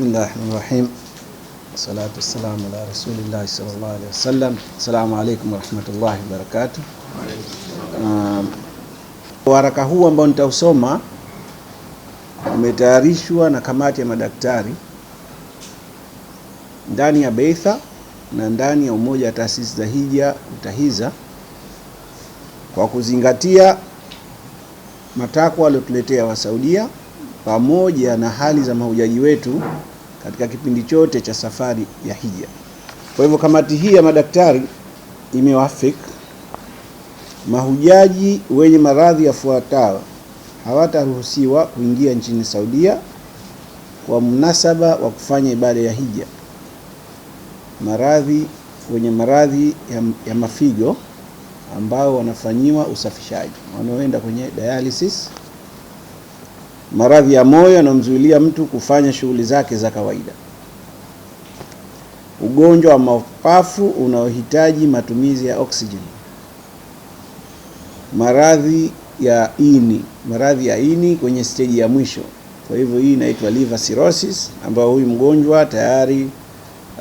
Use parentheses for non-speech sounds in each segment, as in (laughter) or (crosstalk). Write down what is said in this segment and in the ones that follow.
الرحيم rahmani rahim على wassalamu ala rasulillahi الله عليه وسلم assalamu عليكم warahmatullahi الله وبركاته um, waraka huu ambao nitausoma umetayarishwa na kamati ya madaktari ndani ya Beitha na ndani ya umoja wa taasisi za hija UTAHIZA kwa kuzingatia matakwa waliotuletea Wasaudia pamoja na hali za mahujaji wetu katika kipindi chote cha safari ya hija. Kwa hivyo kamati hii ya madaktari imewafik mahujaji wenye maradhi yafuatayo hawataruhusiwa kuingia nchini Saudia kwa mnasaba wa kufanya ibada ya hija: maradhi wenye maradhi ya, ya mafigo ambao wanafanyiwa usafishaji, wanaoenda kwenye dialysis maradhi ya moyo yanamzuilia mtu kufanya shughuli zake za kawaida, ugonjwa wa mapafu unaohitaji matumizi ya oksijeni, maradhi ya ini, maradhi ya ini kwenye steji ya mwisho. Kwa hivyo hii inaitwa liver cirrhosis, ambayo huyu mgonjwa tayari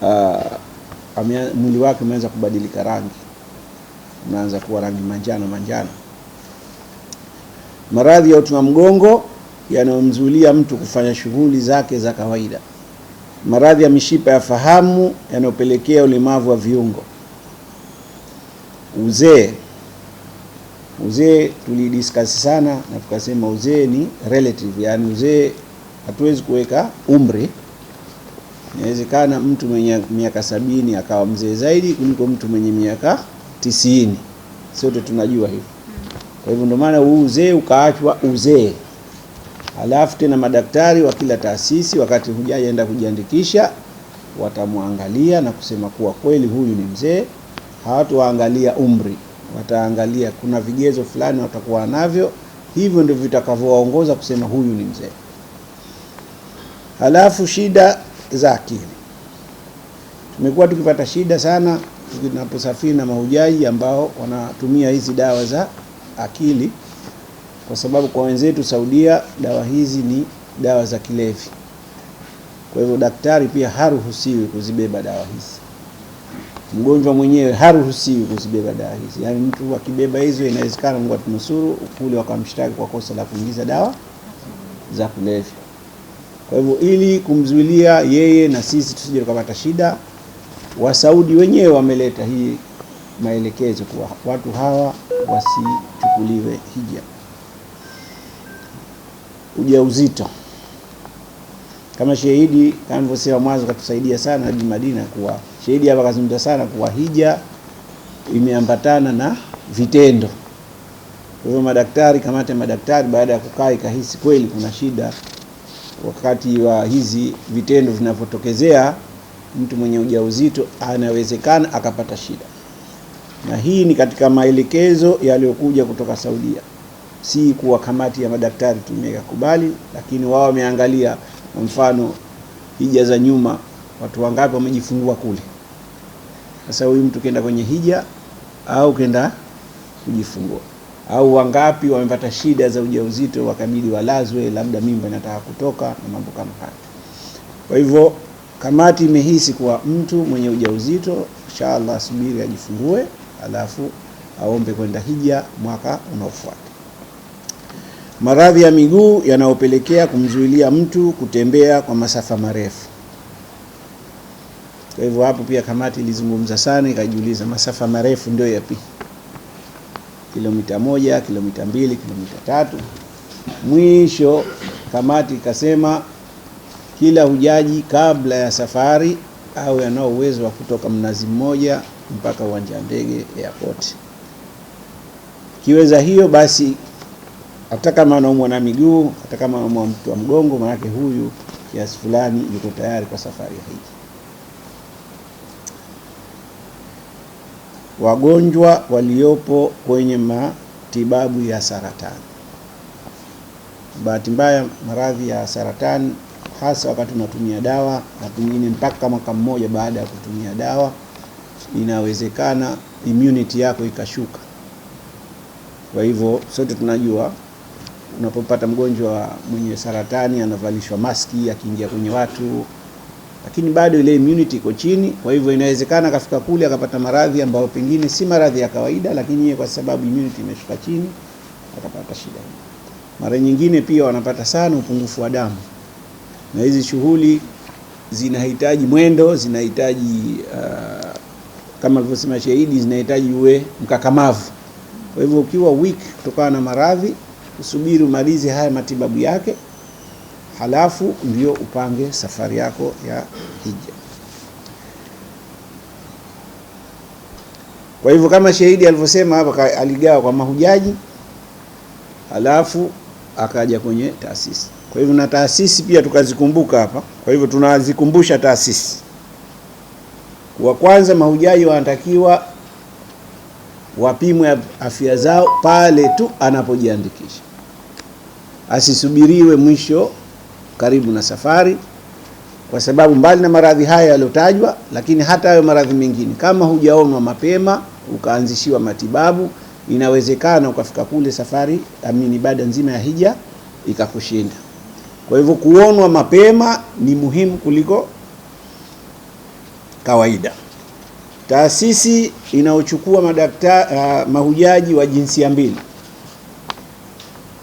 uh, mwili wake umeanza kubadilika rangi, unaanza kuwa rangi manjano manjano. Maradhi ya uti wa mgongo yanayomzulia mtu kufanya shughuli zake za kawaida, maradhi ya mishipa ya fahamu yanayopelekea ulemavu wa viungo, uzee. Uzee tulidiskasi sana na tukasema uzee ni relative, yani uzee hatuwezi kuweka umri. Inawezekana mtu mwenye miaka sabini akawa mzee zaidi kuliko mtu mwenye miaka tisini. Sote tunajua hivyo. Kwa hivyo ndio maana huu uzee ukaachwa uzee alafu tena madaktari wa kila taasisi wakati hujaenda kujiandikisha watamwangalia na kusema kuwa kweli huyu ni mzee. hawatuwaangalia umri, wataangalia kuna vigezo fulani watakuwa navyo, hivyo ndivyo vitakavyowaongoza kusema huyu ni mzee. Halafu shida za akili, tumekuwa tukipata shida sana tunaposafiri na mahujaji ambao wanatumia hizi dawa za akili kwa sababu kwa wenzetu Saudia dawa hizi ni dawa za kilevi. Kwa hivyo daktari pia haruhusiwi kuzibeba dawa hizi, mgonjwa mwenyewe haruhusiwi kuzibeba dawa hizi. Yaani mtu akibeba hizo, inawezekana Mungu atunusuru, kule wakamshtaki kwa kosa la kuingiza dawa za kulevya. Kwa hivyo ili kumzuilia yeye na sisi tusije tukapata shida, Wasaudi wenyewe wameleta hii maelekezo kuwa watu hawa wasichukuliwe hija ujauzito kama shahidi kama nilivyosema mwanzo, katusaidia sana hadi Madina kuwa shahidi. Hapa kazungumza sana kuwa hija imeambatana na vitendo. Kwa hiyo madaktari, kamati ya madaktari baada ya kukaa ikahisi kweli kuna shida wakati wa hizi vitendo vinavyotokezea, mtu mwenye ujauzito anawezekana akapata shida, na hii ni katika maelekezo yaliyokuja kutoka Saudia si kuwa kamati ya madaktari tu lakini wao wameangalia, kwa mfano hija za nyuma, watu wangapi wamejifungua kule. Sasa huyu mtu kenda kwenye hija au kenda kujifungua, au wangapi wamepata shida za ujauzito wakabidi walazwe, labda mimba inataka kutoka na mambo kama hayo. Kwa hivyo kamati imehisi kuwa mtu mwenye ujauzito inshallah, subiri ajifungue, alafu aombe kwenda hija mwaka unaofuata maradhi ya miguu yanayopelekea kumzuilia mtu kutembea kwa masafa marefu. Kwa hivyo hapo pia kamati ilizungumza sana, ikajiuliza masafa marefu ndio yapi? Kilomita moja, kilomita mbili, kilomita tatu. Mwisho kamati ikasema kila hujaji kabla ya safari au yanao uwezo wa kutoka Mnazi Mmoja mpaka uwanja wa ndege airport, kiweza hiyo basi hata kama anaumwa na miguu, hata kama anaumwa mtu wa mgongo, manake huyu kiasi fulani yuko tayari kwa safari ya hiji. Wagonjwa waliopo kwenye matibabu ya saratani, bahati mbaya maradhi ya saratani hasa wakati unatumia dawa na pengine mpaka mwaka mmoja baada ya kutumia dawa, inawezekana immunity yako ikashuka. Kwa hivyo sote tunajua unapopata mgonjwa mwenye saratani anavalishwa maski akiingia kwenye watu, lakini bado ile immunity iko chini. Kwa hivyo inawezekana akafika kule akapata maradhi ambayo pengine si maradhi ya kawaida, lakini yeye kwa sababu immunity imeshuka chini akapata shida. Mara nyingine pia wanapata sana upungufu wa damu, na hizi shughuli zinahitaji mwendo, zinahitaji uh, kama alivyosema Shahidi, zinahitaji uwe mkakamavu. Kwa hivyo ukiwa weak kutokana na maradhi usubiri umalize haya matibabu yake, halafu ndio upange safari yako ya hija. Kwa hivyo kama shahidi alivyosema hapa, aligawa kwa mahujaji, halafu akaja kwenye taasisi. Kwa hivyo na taasisi pia tukazikumbuka hapa. Kwa hivyo tunazikumbusha taasisi, wa kwanza mahujaji wanatakiwa wapimwe afya zao pale tu anapojiandikisha asisubiriwe mwisho karibu na safari, kwa sababu mbali na maradhi haya yaliyotajwa, lakini hata hayo maradhi mengine kama hujaonwa mapema ukaanzishiwa matibabu, inawezekana ukafika kule safari amini, ibada nzima ya hija ikakushinda. Kwa hivyo kuonwa mapema ni muhimu kuliko kawaida. Taasisi inayochukua madaktari uh, mahujaji wa jinsia mbili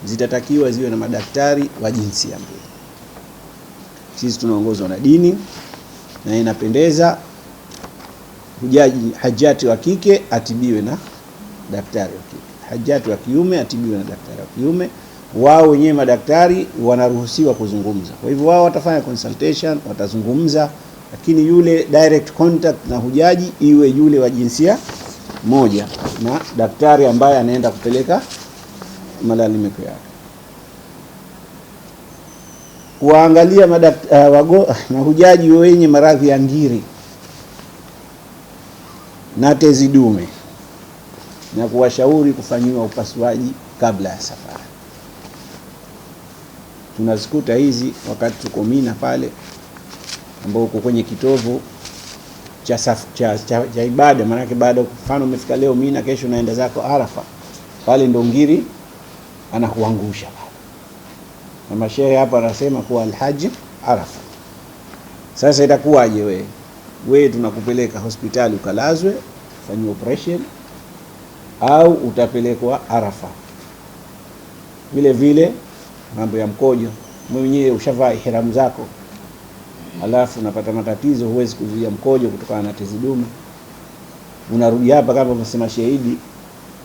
zitatakiwa ziwe na madaktari wa jinsia mbili. Sisi tunaongozwa na dini na inapendeza hujaji hajati wa kike atibiwe na daktari wa kike, hajati wa kiume atibiwe na daktari wa kiume. Wao wenyewe madaktari wanaruhusiwa kuzungumza, kwa hivyo wao watafanya consultation, watazungumza, lakini yule direct contact na hujaji iwe yule wa jinsia moja na daktari ambaye anaenda kupeleka malalamiko yake waangalia madakta, uh, eh, wago, (laughs) mahujaji wenye maradhi ya ngiri na tezi dume na kuwashauri kufanyiwa upasuaji kabla ya safari. Tunazikuta hizi wakati tuko Mina pale, ambao uko kwenye kitovu cha, cha, cha, cha ibada. Maanake baada, mfano umefika leo Mina, kesho unaenda zako Arafa, pale ndo ngiri anakuangusha na mashehe hapa anasema kuwa alhaji Arafa. Sasa itakuwaje wewe? Wewe tunakupeleka hospitali ukalazwe fanywe operation au utapelekwa Arafa? Vile vile mambo ya mkojo, mwenyewe ushavaa ihramu zako, alafu unapata matatizo, huwezi kuzuia mkojo kutokana na tezi dume, unarudi hapa kama umesema shahidi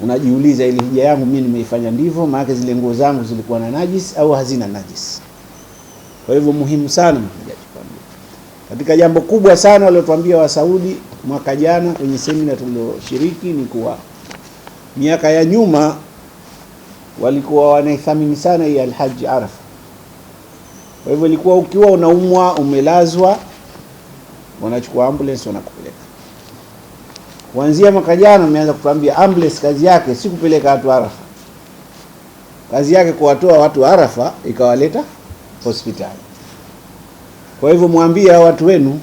unajiuliza ile hija yangu mimi nimeifanya ndivyo, maana zile nguo zangu zilikuwa na najis au hazina najis? Kwa hivyo muhimu sana katika jambo kubwa sana waliotuambia wa Saudi mwaka jana kwenye semina tulioshiriki ni kuwa miaka ya nyuma walikuwa wanaithamini sana hii alhaji Arafa. Kwa hivyo ilikuwa ukiwa unaumwa umelazwa, wanachukua ambulance wanakupeleka Kuanzia mwaka jana nimeanza kutuambia ambulance kazi yake si kupeleka watu Arafa, kazi yake kuwatoa watu Arafa ikawaleta hospitali. Kwa hivyo mwambie hao watu wenu,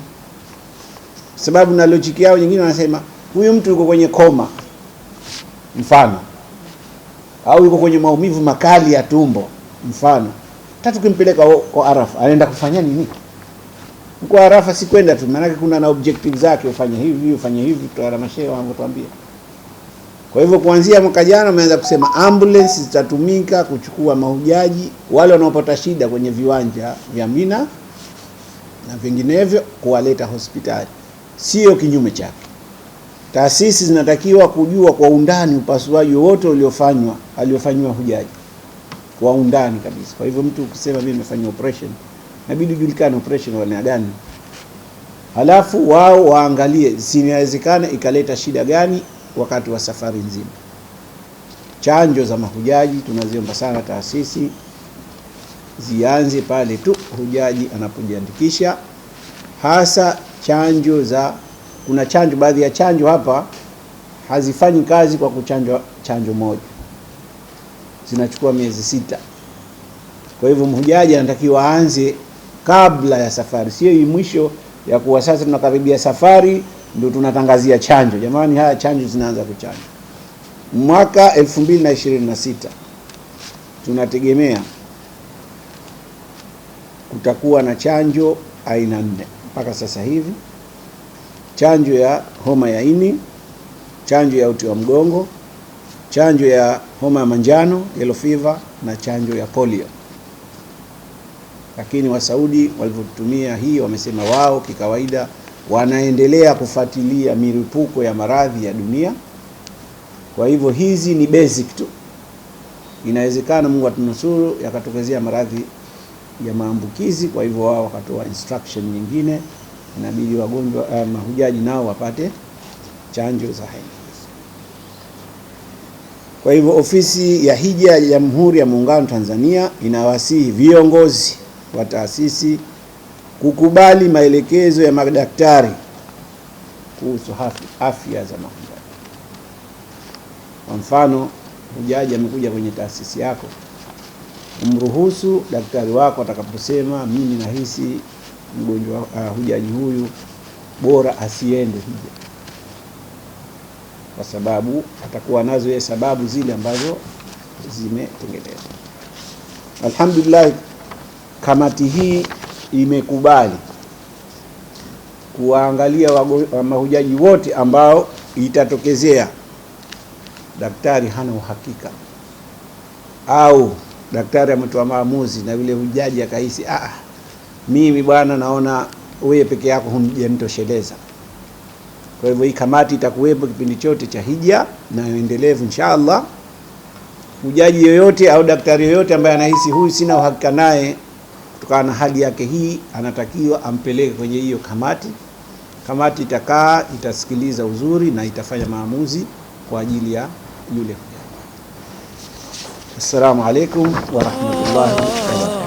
sababu na logic yao nyingine wanasema huyu mtu yuko kwenye koma mfano, au yuko kwenye maumivu makali ya tumbo mfano, tatukimpeleka kimpeleka kwa Arafa anaenda kufanya nini? mkoa wa Rafa si kwenda tu, maanake kuna na objective zake, ufanye hivi ufanye hivi, halmashauri wangu tuambie. Kwa hivyo kuanzia mwaka jana umeanza kusema ambulance zitatumika kuchukua mahujaji wale wanaopata shida kwenye viwanja vya Mina na vinginevyo, kuwaleta hospitali, sio kinyume chake. Taasisi zinatakiwa kujua kwa undani upasuaji wote uliofanywa aliofanywa hujaji kwa undani kabisa. Kwa hivyo mtu ukisema mimi nimefanya operation inabidi ujulikane operation wa aina gani, halafu wao waangalie zinawezekana ikaleta shida gani wakati wa safari nzima. Chanjo za mahujaji tunaziomba sana taasisi zianze pale tu hujaji anapojiandikisha, hasa chanjo za kuna chanjo, baadhi ya chanjo hapa hazifanyi kazi kwa kuchanjwa chanjo moja, zinachukua miezi sita. Kwa hivyo mhujaji anatakiwa aanze kabla ya safari, sio hii mwisho ya kuwa sasa tunakaribia safari ndio tunatangazia chanjo. Jamani, haya chanjo zinaanza kuchanjwa mwaka 2026 tunategemea kutakuwa na chanjo aina nne mpaka sasa hivi: chanjo ya homa ya ini, chanjo ya uti wa mgongo, chanjo ya homa ya manjano yellow fever, na chanjo ya polio lakini Wasaudi walivyotumia hii, wamesema wao kikawaida wanaendelea kufuatilia milipuko ya maradhi ya dunia. Kwa hivyo hizi ni basic tu, inawezekana Mungu atunusuru yakatokezea maradhi ya maambukizi. Kwa hivyo wao wakatoa instruction nyingine, inabidi wagonjwa eh, mahujaji nao wapate chanjo za hema. Kwa hivyo ofisi ya hija ya Jamhuri ya Muungano Tanzania inawasihi viongozi wa taasisi kukubali maelekezo ya madaktari kuhusu afya za mahujaji. Kwa mfano, hujaji amekuja kwenye taasisi yako, umruhusu daktari wako atakaposema, mimi nahisi mgonjwa uh, hujaji huyu bora asiende hija, kwa sababu atakuwa nazo yeye sababu zile ambazo zimetengenezwa. Alhamdulillah. Kamati hii imekubali kuwaangalia mahujaji wote ambao itatokezea daktari hana uhakika au daktari ametoa maamuzi na yule hujaji akahisi, ah, mimi bwana, naona wewe peke yako hujanitosheleza. Kwa hivyo hii kamati itakuwepo kipindi chote cha hija na endelevu inshaallah. Hujaji yoyote au daktari yoyote ambaye anahisi huyu sina uhakika naye kutokana na hali yake hii, anatakiwa ampeleke kwenye hiyo kamati. Kamati itakaa itasikiliza uzuri na itafanya maamuzi kwa ajili ya yule. Assalamu alaikum warahmatullahi wabarakatuh.